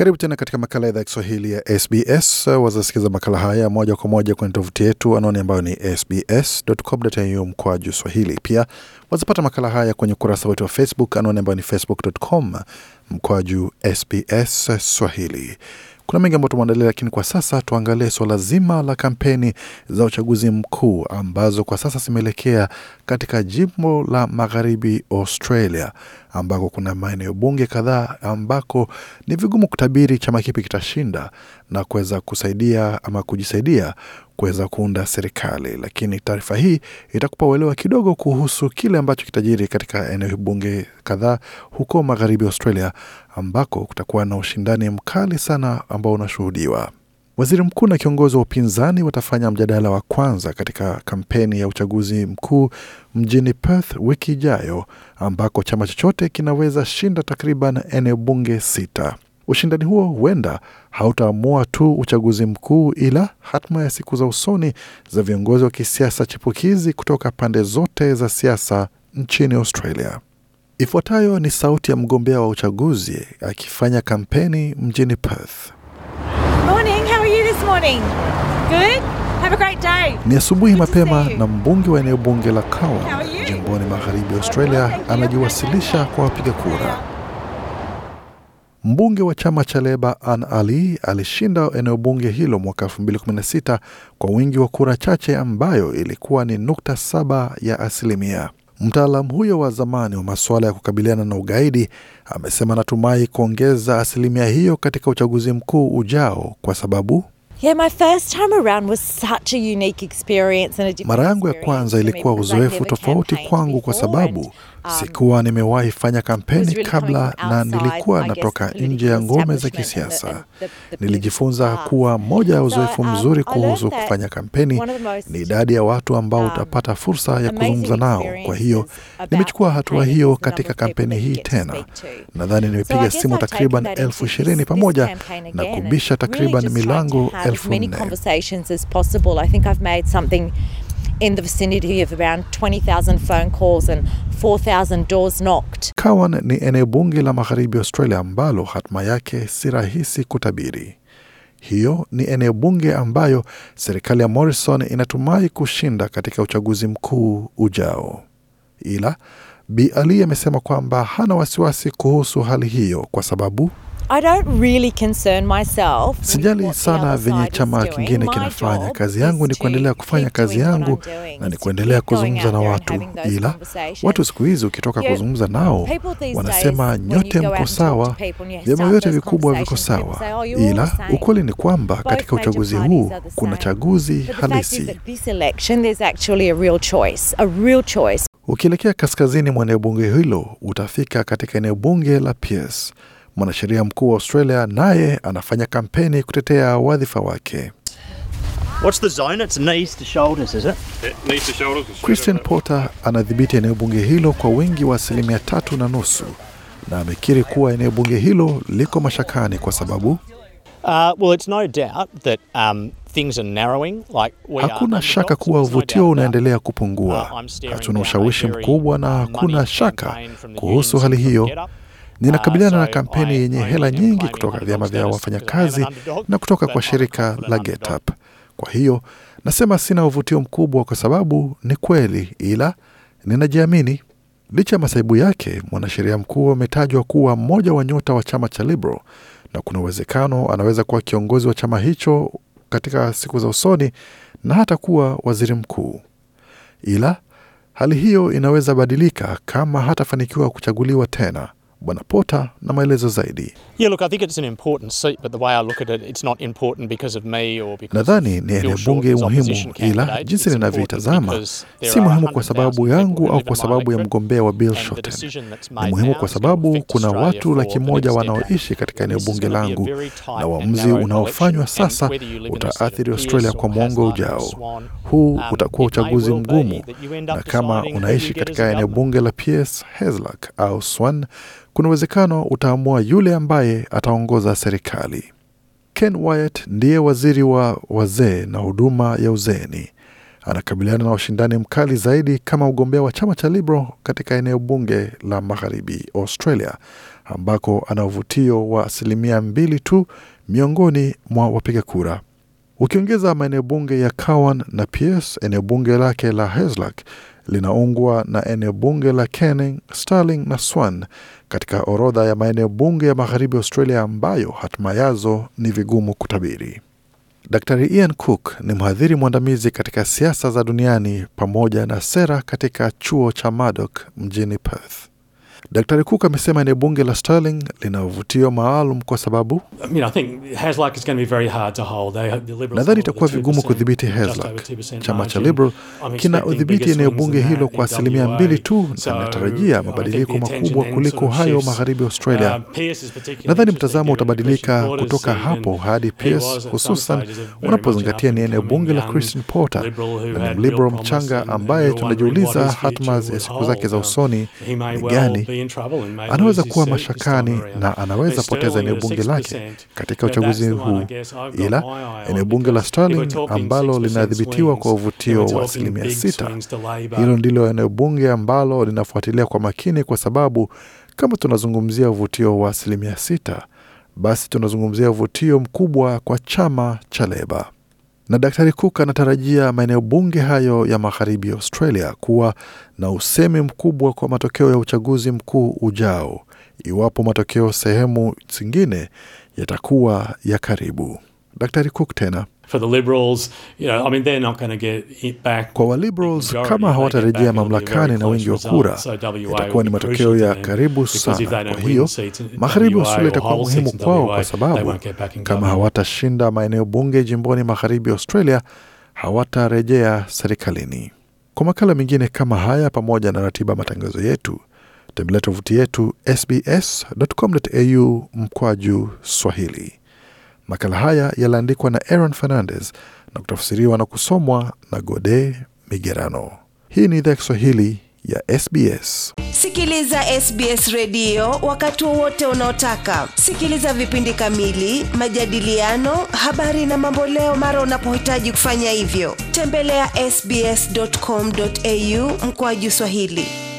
Karibu tena katika makala ya idhaa ya Kiswahili ya SBS. Wazasikiza makala haya moja kwa moja kwenye tovuti yetu, anwani ambayo ni sbs.com.au juu swahili. Pia wazapata makala haya kwenye ukurasa wetu wa Facebook, anwani ambayo ni facebook.com juu SBS swahili. Kuna mengi ambayo tumeandalia, lakini kwa sasa tuangalie suala zima la kampeni za uchaguzi mkuu ambazo kwa sasa zimeelekea katika jimbo la magharibi Australia ambako kuna maeneo bunge kadhaa ambako ni vigumu kutabiri chama kipi kitashinda na kuweza kusaidia ama kujisaidia kuweza kuunda serikali. Lakini taarifa hii itakupa uelewa kidogo kuhusu kile ambacho kitajiri katika eneo bunge kadhaa huko magharibi Australia, ambako kutakuwa na ushindani mkali sana ambao unashuhudiwa. Waziri mkuu na kiongozi wa upinzani watafanya mjadala wa kwanza katika kampeni ya uchaguzi mkuu mjini Perth wiki ijayo, ambako chama chochote kinaweza shinda takriban eneo bunge sita. Ushindani huo huenda hautaamua tu uchaguzi mkuu, ila hatma ya siku za usoni za viongozi wa kisiasa chipukizi kutoka pande zote za siasa nchini Australia. Ifuatayo ni sauti ya mgombea wa uchaguzi akifanya kampeni mjini Perth. Morning, ni Asubuhi mapema na mbunge wa eneo bunge la Kawa jimboni magharibi Australia anajiwasilisha kwa wapiga kura. Mbunge wa chama cha Leba Ann Ali alishinda eneo bunge hilo mwaka 2016 kwa wingi wa kura chache ambayo ilikuwa ni nukta saba ya asilimia. Mtaalam huyo wa zamani wa masuala ya kukabiliana na ugaidi amesema anatumai kuongeza asilimia hiyo katika uchaguzi mkuu ujao kwa sababu mara yangu ya kwanza ilikuwa uzoefu tofauti kwangu kwa sababu um, sikuwa nimewahi fanya kampeni kabla na nilikuwa natoka nje ya ngome za kisiasa. Nilijifunza ah. kuwa moja ya uzoefu um, mzuri kuhusu kufanya kampeni ni idadi ya watu ambao um, utapata fursa ya kuzungumza nao. Kwa hiyo nimechukua hatua hiyo katika kampeni hii tena. Nadhani nimepiga simu takriban elfu ishirini pamoja na kubisha takriban milango as many conversations as possible. I think I've made something in the vicinity of around 20,000 phone calls and 4,000 doors knocked. Kawan ni eneo bunge la magharibi Australia ambalo hatma yake si rahisi kutabiri. Hiyo ni eneo bunge ambayo serikali ya Morrison inatumai kushinda katika uchaguzi mkuu ujao. Ila Bi Ali amesema kwamba hana wasiwasi kuhusu hali hiyo kwa sababu Sijali sana venye chama kingine kinafanya. Kazi yangu ni kuendelea kufanya kazi yangu na ni kuendelea kuzungumza na watu, ila watu siku hizi ukitoka kuzungumza nao wanasema nyote mko sawa, vyama vyote vikubwa viko sawa, oh, ila ukweli ni kwamba katika uchaguzi huu kuna chaguzi halisi. Ukielekea kaskazini mwa eneo bunge hilo utafika katika eneo bunge la Pierce. Mwanasheria mkuu wa Australia naye anafanya kampeni kutetea wadhifa wake. Christian Porter anadhibiti eneo bunge hilo kwa wingi wa asilimia tatu na nusu na amekiri kuwa eneo bunge hilo liko mashakani kwa sababu uh, well, it's no doubt that, um, things are narrowing, like we hakuna are shaka kuwa uvutio unaendelea kupungua. Uh, Hatuna ushawishi mkubwa na hakuna shaka kuhusu hali hiyo ninakabiliana na kampeni yenye hela nyingi kutoka vyama vya wafanyakazi na kutoka kwa shirika la GetUp. Kwa hiyo nasema sina uvutio mkubwa kwa sababu ni kweli, ila ninajiamini. Licha ya masaibu yake, mwanasheria mkuu ametajwa kuwa mmoja wa nyota wa chama cha Liberal na kuna uwezekano anaweza kuwa kiongozi wa chama hicho katika siku za usoni na hata kuwa waziri mkuu, ila hali hiyo inaweza badilika kama hatafanikiwa kuchaguliwa tena. Bwana Pota na maelezo zaidi. Nadhani ni eneo bunge muhimu, ila jinsi ninavyoitazama si muhimu kwa sababu yangu au kwa sababu ya mgombea wa Bill Shorten. Ni muhimu kwa sababu kuna watu laki moja wanaoishi katika eneo bunge langu, na uamuzi unaofanywa sasa utaathiri Australia kwa mwongo ujao. Huu um, utakuwa uchaguzi mgumu, na kama unaishi katika eneo bunge la Pierce, Hasluck au Swan kuna uwezekano utaamua yule ambaye ataongoza serikali. Ken Wyatt ndiye waziri wa wazee na huduma ya uzeeni. Anakabiliana na ushindani mkali zaidi kama mgombea wa chama cha Liberal katika eneo bunge la magharibi Australia, ambako ana uvutio wa asilimia mbili tu miongoni mwa wapiga kura. Ukiongeza maeneo bunge ya Kawan na PS, eneo bunge lake la Heslak linaungwa na eneo bunge la Canning, Stirling na Swan katika orodha ya maeneo bunge ya magharibi Australia ambayo hatima yazo ni vigumu kutabiri. Dr Ian Cook ni mhadhiri mwandamizi katika siasa za duniani pamoja na sera katika chuo cha Murdoch mjini Perth. Daktari Cook amesema eneo bunge la Stirling lina uvutio maalum kwa sababu nadhani itakuwa vigumu kudhibiti Hasluck. Chama cha Liberal kina udhibiti eneo bunge hilo kwa asilimia mbili tu, na inatarajia mabadiliko makubwa kuliko hayo magharibi Australia. Uh, nadhani mtazamo utabadilika kutoka hapo hadi Pearce, hususan unapozingatia ni eneo bunge la Christian Porter na ni mliberal mchanga ambaye tunajiuliza hatma ya siku zake za usoni uh, ni gani anaweza kuwa mashakani na anaweza poteza eneo bunge lake katika uchaguzi huu, ila eneo bunge la Sterling ambalo linadhibitiwa kwa uvutio wa asilimia sita, hilo ndilo eneo bunge ambalo linafuatilia kwa makini, kwa sababu kama tunazungumzia uvutio wa asilimia sita, basi tunazungumzia uvutio mkubwa kwa chama cha Leba na Daktari Cook anatarajia maeneo bunge hayo ya magharibi Australia kuwa na usemi mkubwa kwa matokeo ya uchaguzi mkuu ujao, iwapo matokeo sehemu zingine yatakuwa ya karibu. Daktari Cook tena for the liberals, you know, I mean, they're not going to get back. Kwa waliberals kama hawatarejea mamlakani na wingi wa kura, itakuwa ni matokeo ya karibu sana. Kwa hiyo magharibi Australia itakuwa muhimu kwao, kwa sababu kama hawatashinda maeneo bunge jimboni magharibi Australia, hawatarejea serikalini. Kwa makala mengine kama haya, pamoja na ratiba matangazo yetu, tembelea tovuti yetu sbs.com.au mkwaju Swahili. Makala haya yaliandikwa na Aaron Fernandez na kutafsiriwa na kusomwa na Gode Migerano. Hii ni idhaa ya Kiswahili ya SBS. Sikiliza SBS redio wakati wowote unaotaka. Sikiliza vipindi kamili, majadiliano, habari na mamboleo mara unapohitaji kufanya hivyo. Tembelea ya sbs.com.au mkoaju Swahili.